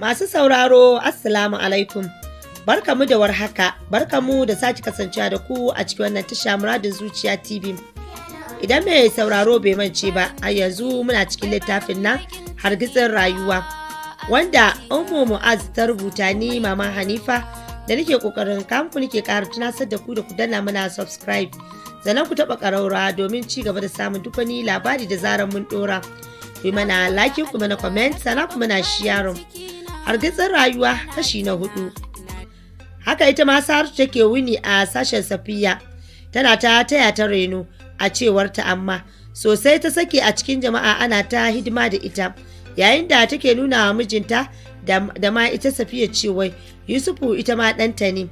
Masu sauraro, Assalamu alaikum. barka mu da warhaka, barka mu da sake kasancewa da ku a cikin wannan tasha muradin zuciya TV. Idan mai sauraro bai mance ba, a yanzu muna cikin littafin nan hargitsin rayuwa. Wanda Ummu Mu'az ta rubuta ni Mama Hanifa da nake kokarin kamfu nake ƙara tunasar da ku da ku danna mana subscribe. Sannan ku taɓa ƙaraura domin ci gaba da samun duk wani labari da zarar mun ɗora. Ku mana like, ku mana comment, sannan ku mana share. hargitsin rayuwa kashi na hudu haka ita ma saru take wuni a sashen safiya tana ta taya ta reno a cewar ta amma sosai ta sake a cikin jama'a ana ta hidima da ita yayin da take nuna wa mijinta da ma ita safiya cewa yusufu ita ma ɗanta ne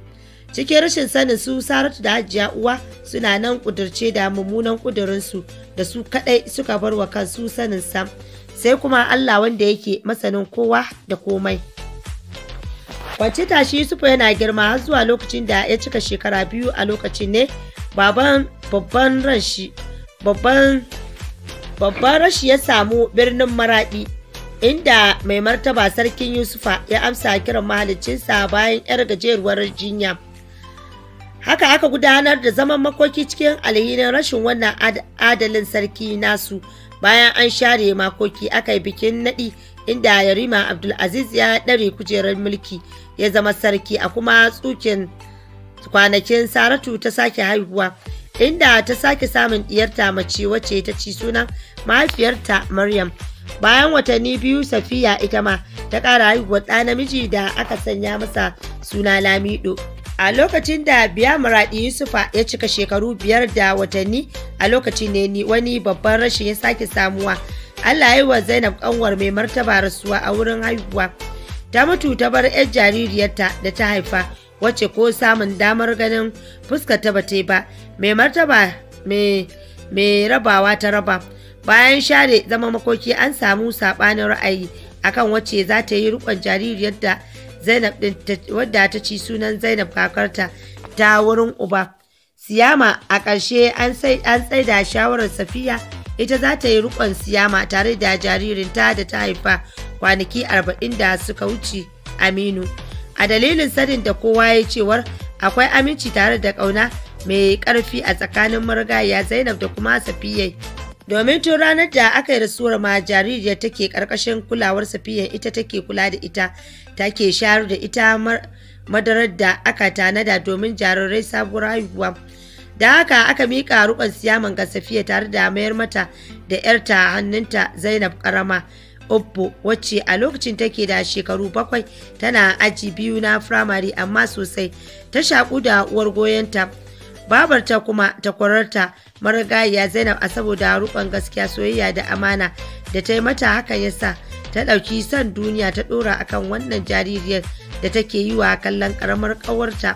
cikin rashin sanin su saratu da hajiya uwa suna nan kudurce da mummunan ƙudurinsu da su kadai suka bar wa kansu sanin sam sai kuma Allah wanda yake masanin kowa da komai. Wace tashi Yusufu yana girma har zuwa lokacin da ya cika shekara biyu a lokacin ne baban babban rashi babban babban rashi ya samu birnin maraɗi inda mai martaba sarkin Yusufa ya amsa kiran mahalicinsa bayan 'yar gajeruwar jinya. haka aka gudanar da zaman makoki cikin alhinin rashin wannan adalin sarki nasu bayan an share makoki aka yi bikin naɗi inda yarima abdulaziz ya ɗare kujerar mulki ya zama sarki a kuma tsukin kwanakin saratu ta sake haihuwa inda ta sake samun ɗiyarta mace wacce ta ci sunan mahaifiyarta maryam bayan watanni biyu safiya ita ma ta ƙara haihuwar ɗa namiji da aka sanya masa suna lamido a lokacin da biya biyamuradi yusufa ya cika shekaru biyar da watanni a lokacin ne ni wani babban rashin ya sake samuwa allah ya yi wa zainab kanwar mai martaba rasuwa a wurin haihuwa ta mutu ta bar 'yar jaririyarta da ta haifa wacce ko samun damar ganin fuska ta bate ba mai martaba mai rabawa ta raba bayan share zama makoki an samu saɓanin ra'ayi akan wacce za ta yi rikon jaririyarta. zainab din wadda ta ci sunan zainab kakarta ta wurin uba siyama a ƙarshe an tsaida shawarar safiya ita za ta yi rukon siyama tare da jaririnta da ta haifa kwanaki arba'in da suka wuce aminu a dalilin sanin da kowa ya cewar akwai aminci tare da ƙauna mai ƙarfi a tsakanin marigaya zainab da kuma safiya domin tun ranar da aka yi rasuwar ma jaririyar take karkashin kulawar safiya ita take kula da ita take shayar da ita madarar da aka tanada domin jarirai sabuwar haihuwa da haka aka miƙa rukon siyaman ga safiya tare da mayar mata da yarta hannunta zainab karama Oppo wacce a lokacin take da shekaru bakwai tana aji biyu na firamare amma sosai ta shaƙu da uwar goyonta babarta kuma takwararta marigayiya zainab a saboda rukon gaskiya soyayya da amana da ta yi mata hakan yasa ta ɗauki son duniya ta ɗora akan wannan jaririyar da take yi wa kallon karamar ƙawarta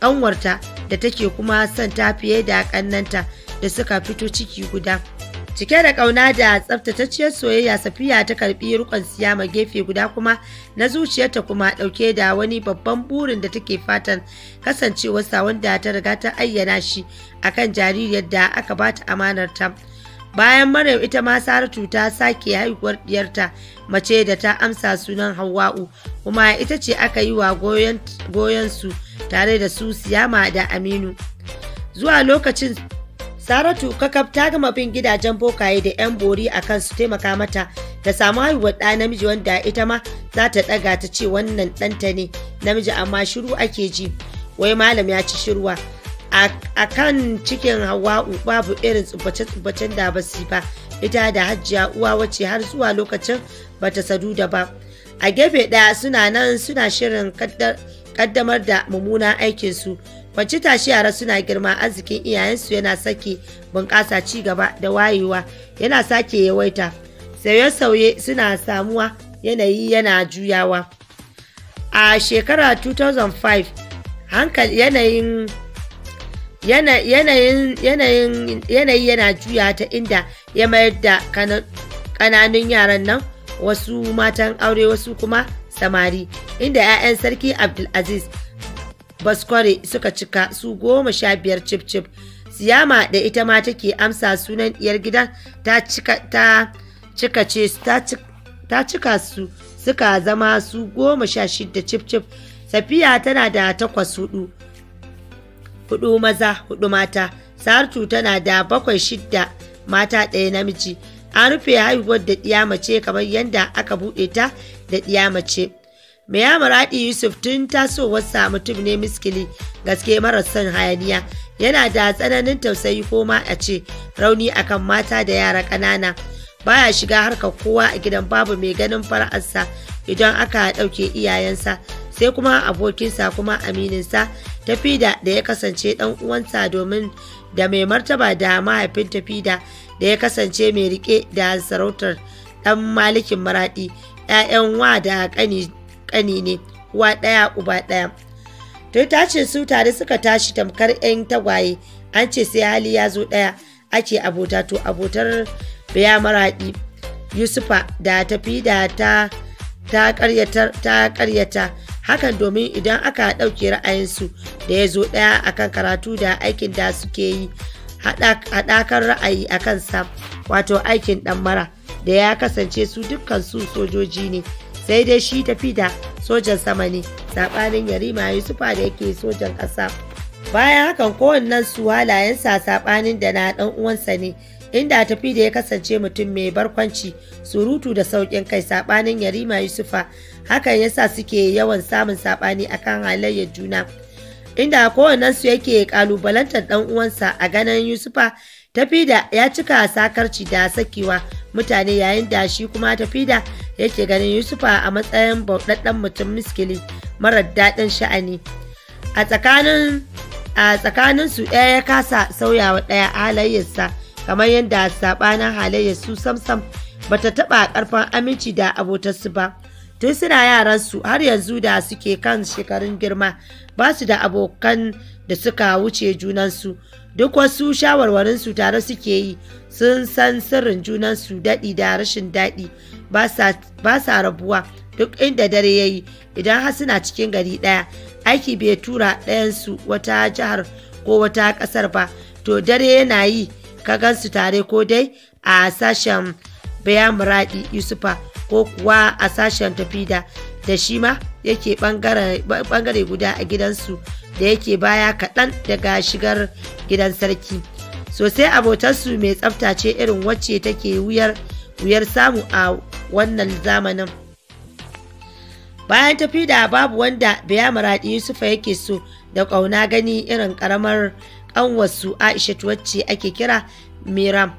ƙanwarta da take kuma son ta fiye da ƙannanta da suka fito ciki guda cike da ƙauna da tsaftatacciyar soyayya safiya ta karbi rukon siyama gefe guda kuma na zuciyarta kuma ɗauke da wani babban burin da take fatan kasancewarsa wanda ta riga ta ayyana shi akan jaririyar da aka bata amanar ta bayan maryam ita ma saratu ta sake haihuwar diyarta mace da ta amsa sunan hawa'u kuma ita ce aka yi wa goyon su tare da su siyama da aminu zuwa lokacin Saratu kakaf ta gama bin gidajen bokaye da 'yan bori a kan su taimaka mata ta samu haihuwar ɗa namiji wanda ita ma za ta ɗaga ta ce wannan ɗanta ne namiji amma shiru ake ji wai malam ya ci shirwa a kan cikin hawa'u babu irin tsubbace-tsubbacen da ba su ba ita da hajjiya uwa wacce har zuwa lokacin ba ta sadu da ba a gefe ɗaya suna nan suna shirin kaddamar da mummunan aikinsu kwanci tashi yara suna girma arzikin iyayensu yana sake bunƙasa ci gaba da wayewa yana sake yawaita sauye-sauye suna samuwa yanayi yana juyawa a shekara 2005 yanayin yanayi yana juya ta inda ya mayar da kananun yaran nan wasu matan aure wasu kuma samari inda 'ya'yan sarki abdulaziz baskware suka cika su goma sha biyar cif cif siyama da ita ma take amsa sunan diyar gidan ta cika su suka zama su goma sha shida cif cif safiya tana da takwas hudu hudu maza hudu mata sartu tana da bakwai shida mata ɗaya namiji an rufe haihuwar da ɗiya mace kamar yadda aka buɗe ta da ɗiya mace Mai Muradi Yusuf tun tasowarsa mutum ne miskili gaske marar son hayaniya yana da tsananin tausayi ko ma a ce rauni akan mata da yara ƙanana baya shiga harkar kowa a gidan babu mai ganin fara'arsa idan aka ɗauke iyayensa sai kuma abokinsa kuma amininsa tafida da ya kasance ɗan uwansa domin da mai martaba da mahaifin tafida da ya kasance mai rike da sarautar ɗan malikin maraɗi 'ya'yan wa da ƙani kani ne uwa ɗaya uba ɗaya to ta su tare suka tashi tamkar 'yan tagwaye an ce sai hali ya zo ɗaya ake abota to abotar biya maraɗi yusufa da tafi da ta karyata hakan domin idan aka ɗauke ra'ayinsu da ya zo ɗaya akan karatu da aikin da suke yi haɗakar ra'ayi a sa wato aikin ɗan mara da ya kasance su dukkan su sojoji ne sai dai shi tafi da sojan sama ne saɓanin yarima yusufa da yake sojan ƙasa bayan hakan kowannen su halayensa saɓanin da na ɗan uwansa ne inda tafi da ya kasance mutum mai barkwanci surutu da sauƙin kai saɓanin yarima yusufa hakan yasa suke yawan samun saɓani akan halayyar juna inda su yake kalubalantar ɗan uwansa a ganin yusufa tafi da ya cika sakarci da sakewa mutane yayin da shi kuma tafi da yake ganin yusufa a matsayin bauɗaɗɗen mutum miskili marar daɗin sha'ani a tsakanin su ɗaya ya kasa sauyawa ɗaya halayyarsa kamar yadda saɓanin halayyar su samsam ta taɓa ƙarfin aminci da abotarsu ba tun suna yaransu har yanzu da suke kan shekarun girma ba su da abokan da suka wuce junansu duk wasu shawarwarinsu tare suke yi sun san sirrin junansu daɗi da rashin daɗi ba sa rabuwa duk inda dare ya yi idan har suna cikin gari ɗaya aiki bai tura ɗayansu wata jihar ko wata ƙasar ba to dare yana yi ka gansu tare ko dai a sashen bayan muradi yusufa ko kuwa a sashen tafida da shi ma yake bangare guda a gidansu da yake baya kaɗan daga shigar gidan sarki sosai abotarsu mai tsafta ce irin wacce take wuyar samu a wannan zamanin bayan tafi da babu wanda biya maraɗi yusufa yake so da ƙauna gani irin ƙaramar ƙanwarsu aisha wacce ake kira miram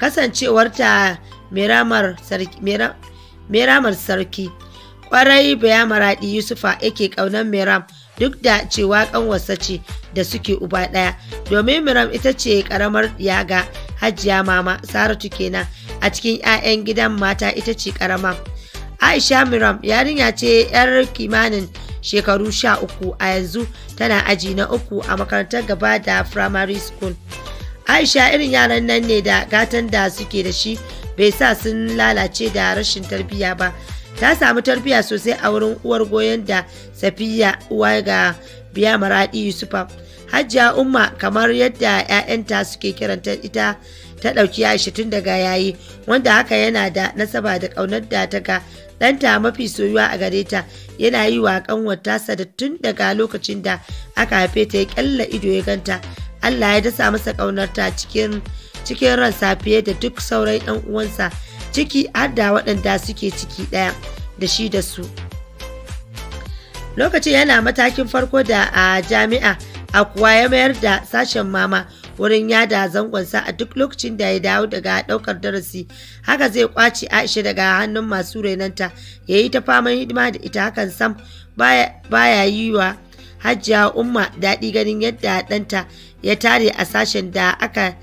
kasancewarta miramar sarki kwarai biyamuradi yusufa yake ƙaunar miram duk da cewa ƙanwarsa ce da suke uba ɗaya domin miram ita ce ƙaramar ga hajiya mama saratu kenan a cikin 'ya'yan gidan mata ita ce karama aisha miram yarinya ce 'yar kimanin shekaru sha uku a yanzu tana aji na uku a makarantar gaba da primary school aisha irin yaran nan ne da gatan da suke da shi bai sa sun lalace da rashin tarbiyya ba ta samu tarbiyya sosai a wurin uwar goyon da safiya uwa ga biya maradi yusufa hajjiya umma kamar yadda 'ya'yanta suke kiranta ita ta ɗauki Aisha tun daga yayi wanda haka yana da nasaba da ƙaunar da ta ga ɗanta mafi soyuwa a gare ta yana yi wa ƙanwar sa da tun daga lokacin da aka haife ta ya ƙyalla ido ya ganta Allah ya dasa masa ƙaunar ta cikin cikin ransa fiye da duk sauran ɗan uwansa ciki har da waɗanda suke ciki ɗaya da shi da su lokacin yana matakin farko da a jami'a a kuwa ya mayar da sashen mama wurin yada zangonsa a duk lokacin da ya dawo daga ɗaukar darasi haka zai ƙwace aisha daga hannun masu renanta ya yi ta faman hidima da ita hakan sam baya yi wa hajiya umma daɗi ganin yadda ɗanta ya tare a sashen da aka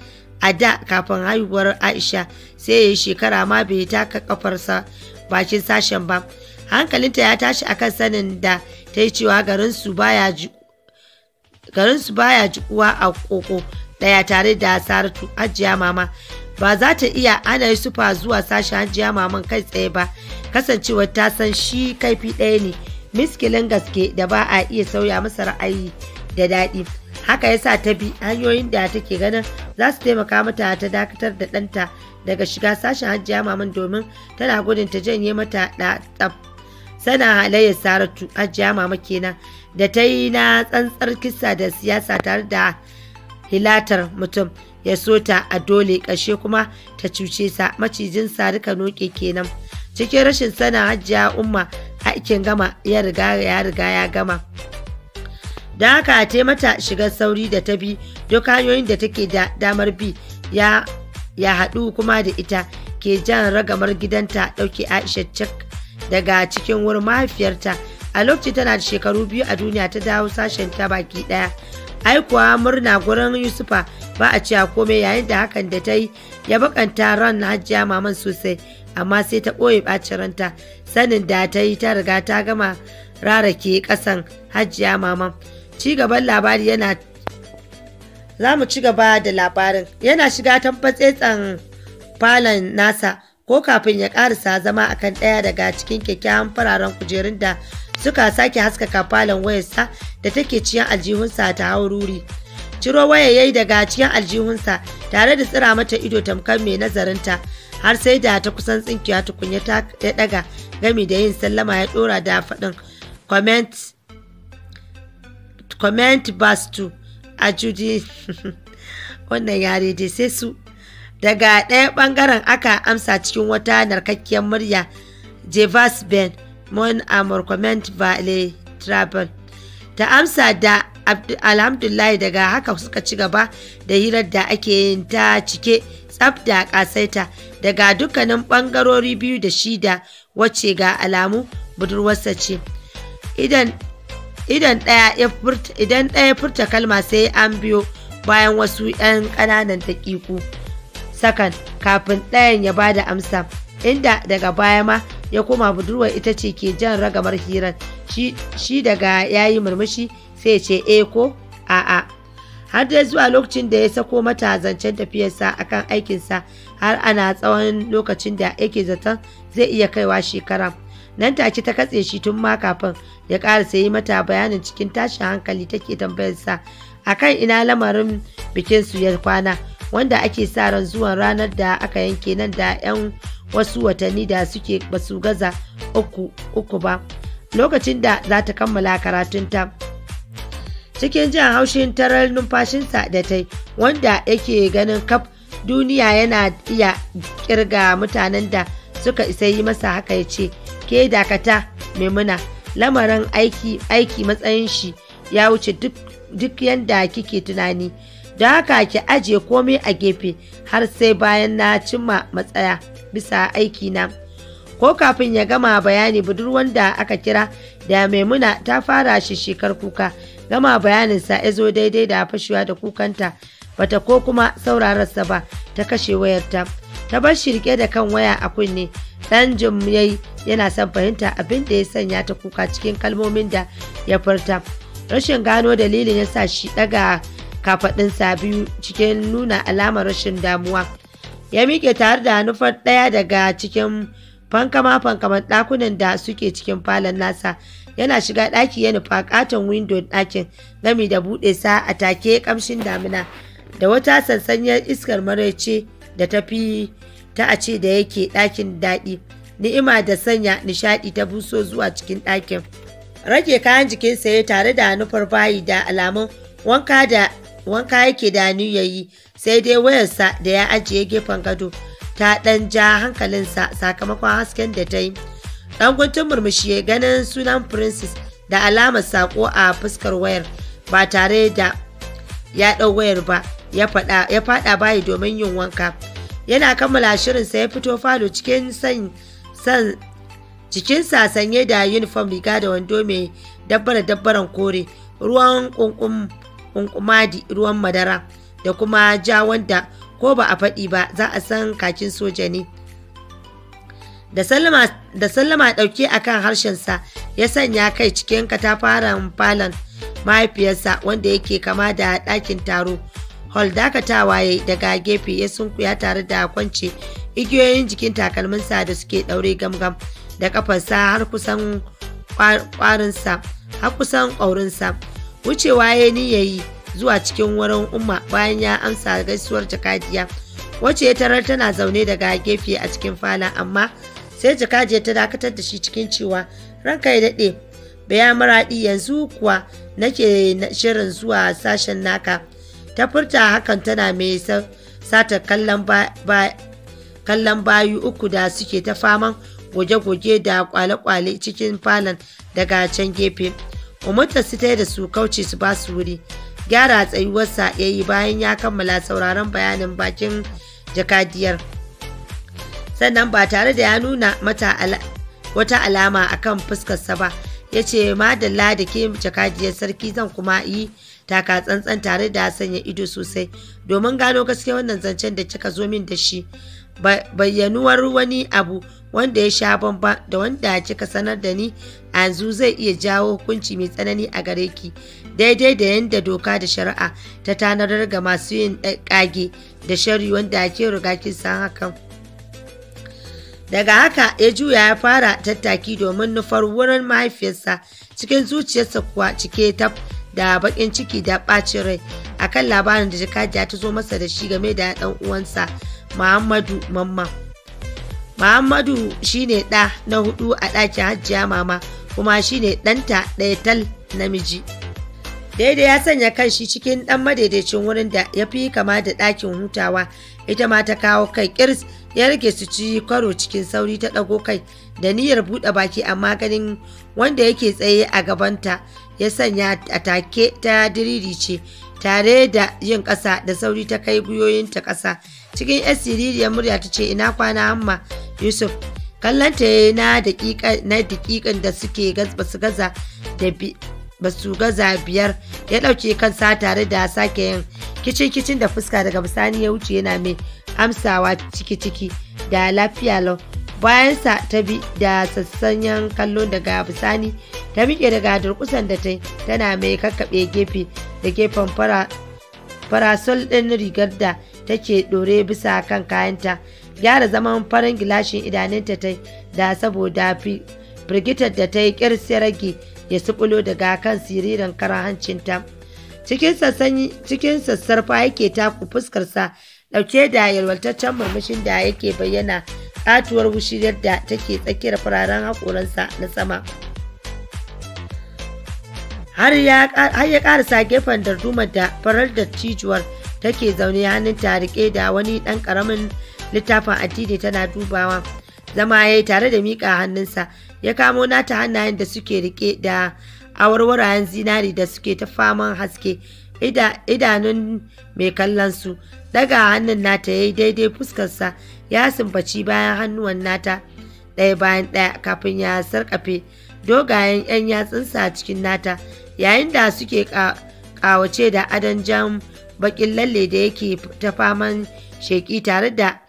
a da kafin haihuwar aisha sai ya yi shekara ma bai taka kafarsa bakin sashen ba hankalinta ya tashi akan sanin da ta yi cewa garinsu baya jikuwa a koko ɗaya tare da saratu ajiya mama ba za ta iya ana yi sufa zuwa sashen hajiya maman kai tsaye ba kasancewar ta san shi kaifi ɗaya ne miskilin gaske da ba a iya sauya masa ra'ayi da daɗi haka yasa ta bi hanyoyin da take ganin za su taimaka mata ta dakatar da ɗanta daga shiga sashen hajiya maman domin tana gudun ta janye mata da tsaf sana halayyar saratu hajiya mama kenan da ta yi na tsantsar kisa da siyasa tare da hilatar mutum ya so ta a dole ƙashe kuma ta cuce sa macijin sa duka noke kenan cikin rashin sana hajjiya umma aikin gama ya riga ya riga ya gama Da haka a mata shigar sauri da ta bi duk hanyoyin da take da damar bi ya ya haɗu kuma da ita ke jan ragamar gidanta ɗauke aisha cik daga cikin wurin mahaifiyarta a lokacin tana da shekaru biyu a duniya ta dawo sashen ta baki ɗaya aikuwa murna gurin yusufa ba a cewa komai yayin da hakan da ta yi ya bakanta ran Hajiya maman sosai amma sai ta ɓoye ɓacin ranta sanin da ta yi ta riga ta gama rarake ƙasan hajjiya maman ci gaban labari yana za mu ci gaba da labarin yana shiga tamfatsetsen falon nasa ko kafin ya karisa zama akan ɗaya daga cikin kyakkyawan fararen kujerun da suka sake haskaka falon wayarsa da take ciyan aljihunsa ta haururi ciro waya yayi daga ciyan aljihunsa tare da tsira mata ido tamkar mai nazarinta har sai da ta kusan tsinkiya tukunya ta ya daga gami da yin sallama ya dora da faɗin comment comment bastu a judi wannan yare dai sai su daga ɗaya ɓangaren aka amsa cikin wata narkakkiyar murya jevas ben mon amurkament vale travel ta amsa da alhamdulahi daga haka suka ci gaba da hirar da ake yin ta cike tsaf da kasaita daga dukkanin bangarori biyu da shida wacce ga alamu budurwarsa ce idan idan ɗaya furta kalma sai an biyo bayan wasu 'yan ƙananan daƙiƙu sakan kafin ɗayan ya ba da amsa inda daga baya ma ya koma budurwar ita ce ke jan ragamar hirar shi daga yayi murmushi sai ce e ko a'a har dai zuwa lokacin da ya sako mata zancen tafiyarsa akan aikinsa har ana tsawon lokacin da yake zaton zai iya kaiwa shekara nan take ta katse shi tun ma kafin ya ƙara yi mata bayanin cikin tashin hankali take tambayarsa kan ina lamarin bikin su ya kwana wanda ake sa ran zuwan ranar da aka yanke nan da 'yan wasu watanni da suke basu gaza uku uku ba lokacin da za ta kammala karatunta cikin jan haushin tarar numfashinsa da ta wanda yake ganin kaf duniya yana iya kirga mutanen da suka isa yi masa haka ya ce ke dakata maimuna lamarin aiki aiki matsayin shi ya wuce duk yadda kike tunani da haka ki aje komai a gefe har sai bayan na cimma matsaya bisa aikina ko kafin ya gama bayani budurwan da aka kira da maimuna ta fara shi shekar kuka gama bayaninsa ya zo daidai da fashewa da kukanta bata ko kuma saurararsa ba ta kashe wayarta ta bar shi rike da kan waya a kunne dan jim yana son fahimta abin da ya sanya ta kuka cikin kalmomin da ya furta rashin gano dalilin ya sa shi daga kafaɗinsa biyu cikin nuna alamar rashin damuwa ya miƙe tare da nufar ɗaya daga cikin fankama-fankaman ɗakunan da suke cikin falon nasa yana shiga ɗaki ya nufa ƙaton windo ɗakin gami da buɗe sa a take ƙamshin damina da wata sansanyar iskar maraice da tafi ta a ce da yake ɗakin daɗi ni'ima da sanya nishaɗi ta buso zuwa cikin ɗakin rage kayan jikinsa ya tare da nufar bayi da alamun wanka da wanka yake da ya yi sai dai wayarsa da ya ajiye gefen gado ta ɗan ja hankalinsa sakamakon hasken da ta yi ɗan guntun murmushi ya ganin sunan princess da alamar sako a fuskar wayar ba tare da ya ɗau wayar ba ya faɗa bayi domin yin wanka yana kammala shirin sai ya fito falo cikin san sanye da uniform riga da wando mai dabbara dabbaran kore ruwan kunkun kunkumadi ruwan madara da kuma ja wanda ko ba a faɗi ba za a san kakin soja ne da sallama ɗauke a kan harshensa ya sanya kai cikin katafaren falon mahaifiyarsa wanda yake kama da ɗakin taro hall dakatawa ya daga gefe ya sunkuya tare da kwance igiyoyin jikin takalminsa da suke ɗaure gamgam da kafarsa har kusan ƙwarinsa har kusan ƙaurinsa wucewa ya niyayi zuwa cikin wurin umma bayan ya amsa gaisuwar jakadiya wacce ya tarar tana zaune daga gefe a cikin fala amma sai jakadiya ta dakatar da shi cikin cewa ranka ya daɗe baya maraɗi yanzu kuwa nake shirin zuwa sashen naka ta furta hakan tana mai sata kallon bayu uku da suke ta faman goge-goge da kwale-kwale cikin falon daga can gefe. umartar su ta da su kauce su ba su wuri gyara tsayuwarsa ya yi bayan ya kammala sauraron bayanin bakin jakadiyar sannan ba tare da ya nuna mata wata alama akan fuskarsa ba ya ce madalla da ke jakadiyar sarki zan kuma yi taka tsantsan tare da sanya ido sosai domin gano gaske wannan zancen da kika zo min da shi bayyanuwar wani abu wanda ya sha bamban da wanda kika sanar da ni a yanzu zai iya jawo hukunci mai tsanani a gare ki daidai da yadda doka da shari'a ta tanadar ga masu yin kage da shari wanda ke riga kin san hakan daga haka ya juya ya fara tattaki domin nufar wurin mahaifiyarsa cikin zuciyarsa kuwa cike ta da bakin ciki da ɓacin rai akan labarin da jakajiya ta zo masa da shi game da ɗan uwansa muhammadu mamma muhammadu shine ɗa na hudu a ɗakin hajjiya mama kuma shine ɗanta ɗaya tal namiji daidai ya sanya shi cikin ɗan madaidaicin wurin da ya fi kama da ɗakin hutawa ita ma ta kawo kai ƙirs ya rage su ci karo cikin sauri ta ɗago kai da niyyar buɗe baki amma ganin wanda yake tsaye a gabanta ya sanya a take ta diriri ce tare da yin ƙasa da sauri ta kai gwiwoyinta ƙasa cikin yar siririyar murya ta ce ina kwana amma yusuf kallanta yi na dakikan da suke basu gaza da basu gaza biyar ya ɗauke kansa tare da sake yin kicin kicin da fuska daga bisani ya wuce yana mai amsawa ciki ciki da lafiya lau bayansa ta bi da sassanyan kallo daga bisani ta miƙe daga durkusan da ta yi tana mai kakkaɓe gefe da gefen farasol ɗin rigar da take ɗore bisa kan kayanta gyara zaman farin gilashin idanunta ta da saboda firgitar da ta yi ƙyar rage ya subulo daga kan siririn karan hancinta cikin sassarfa yake taku fuskarsa ɗauke da yalwataccen murmushin da yake bayyana tsatuwar wushi yadda take tsakiyar fararen haƙoransa na sama. har ya karasa gefen dardumar da farar da cijuwar take zaune hannun ta da wani ɗan ƙaramin littafin addini tana dubawa zama ya yi tare da miƙa hannunsa ya kamo nata hannayen da suke rike da awarwarayen zinari da suke ta faman haske idanun mai kallon su daga hannun nata ya yi daidai fuskarsa ya sumbaci bayan hannuwan nata ɗaya bayan ɗaya kafin ya sarƙafe dogayen 'yan yatsunsa a cikin nata yayin da suke kawace da adon jan bakin lalle da yake ta faman sheki tare da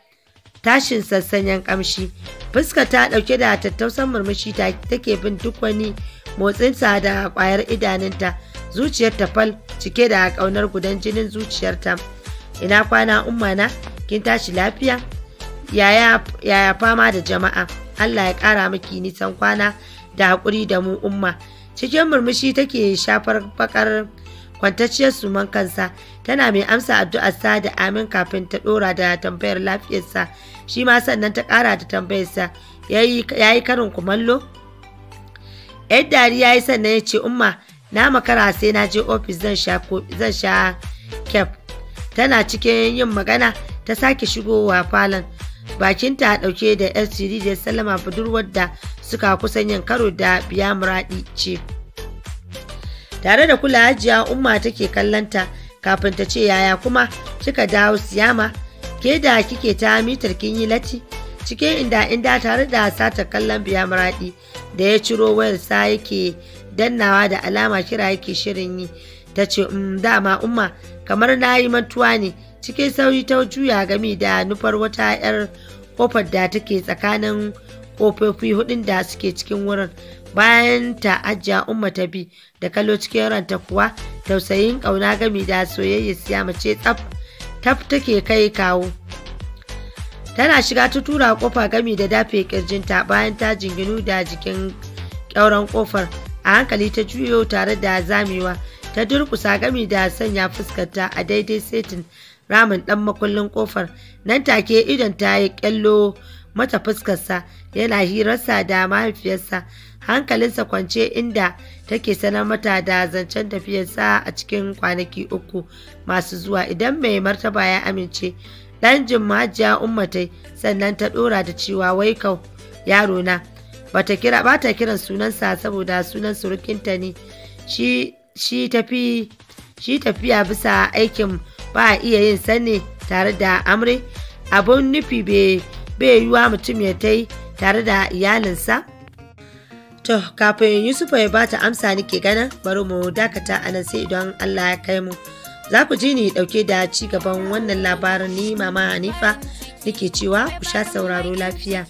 tashin sassanyan kamshi fuska ta dauke da tattausan murmushi take bin duk wani motsinsa da kwayar idanunta zuciyar ta fal cike da kaunar gudan jinin zuciyarta ina kwana ummana kin tashi lafiya yaya fama da jama'a allah ya kara miki nisan kwana da haƙuri da mu umma cikin murmushi take shafar bakar kwantacciyar suman kansa tana mai amsa addu'ar sa da amin kafin ta dora da tambayar lafiyarsa shi ma sannan ta ƙara da tambayarsa ya yi karin kumallo yan dariya yi sannan ya ce umma na makara sai na je ofis zan sha kef tana cikin yin magana ta sake shigowa falon bakinta a ɗauke da yar siri da salama budurwar da suka kusan yin karo da biya muradi ce tare da kula hajiya umma take kallanta kafin ta ce yaya kuma kika dawo siyama ke da kike ta mitar kin yi lati Cike inda inda tare da sata kallon biya muradi da ya ciro sa yake dannawa da alama kira yake shirin yi ta ce mm, dama umma kamar na yi mantuwa ne cikin sauri ta juya gami da nufar wata 'yar kofar da take tsakanin kofofi hudun da suke cikin wurin bayan ta ajiya umma ta bi da kalo cikin ranta kuwa tausayin kauna gami da soyayya siya mace tsaf taf take kai kawo tana shiga ta tura kofa gami da dafe kirjinta bayan ta jinginu da jikin kyauran kofar a hankali ta juyo tare da zamewa ta durkusa gami da sanya fuskarta a daidai setin ramin ɗan makullin ƙofar nan take idon ta yi kyallo mata fuskarsa yana hirarsa da mahaifiyarsa hankalinsa kwance inda take sanar mata da zancen tafiyarsa a cikin kwanaki uku masu zuwa idan mai martaba ya amince ɗan jimmajiya ummatai sannan ta ɗora da cewa wai kau yaro na bata kira bata kiran sunansa saboda sunan surukinta ne shi shi tafi shi tafiya bisa aikin ba a iya yin sani tare da amre abun nufi bai yiwuwa mutum ya ta yi tare da iyalinsa to kafin yusufa ya bata amsa nike ganin bari mu dakata anan sai idan allah ya kai mu za ku ji ni dauke da ci gaban wannan labarin ni mama hanifa nake cewa ku sha sauraro lafiya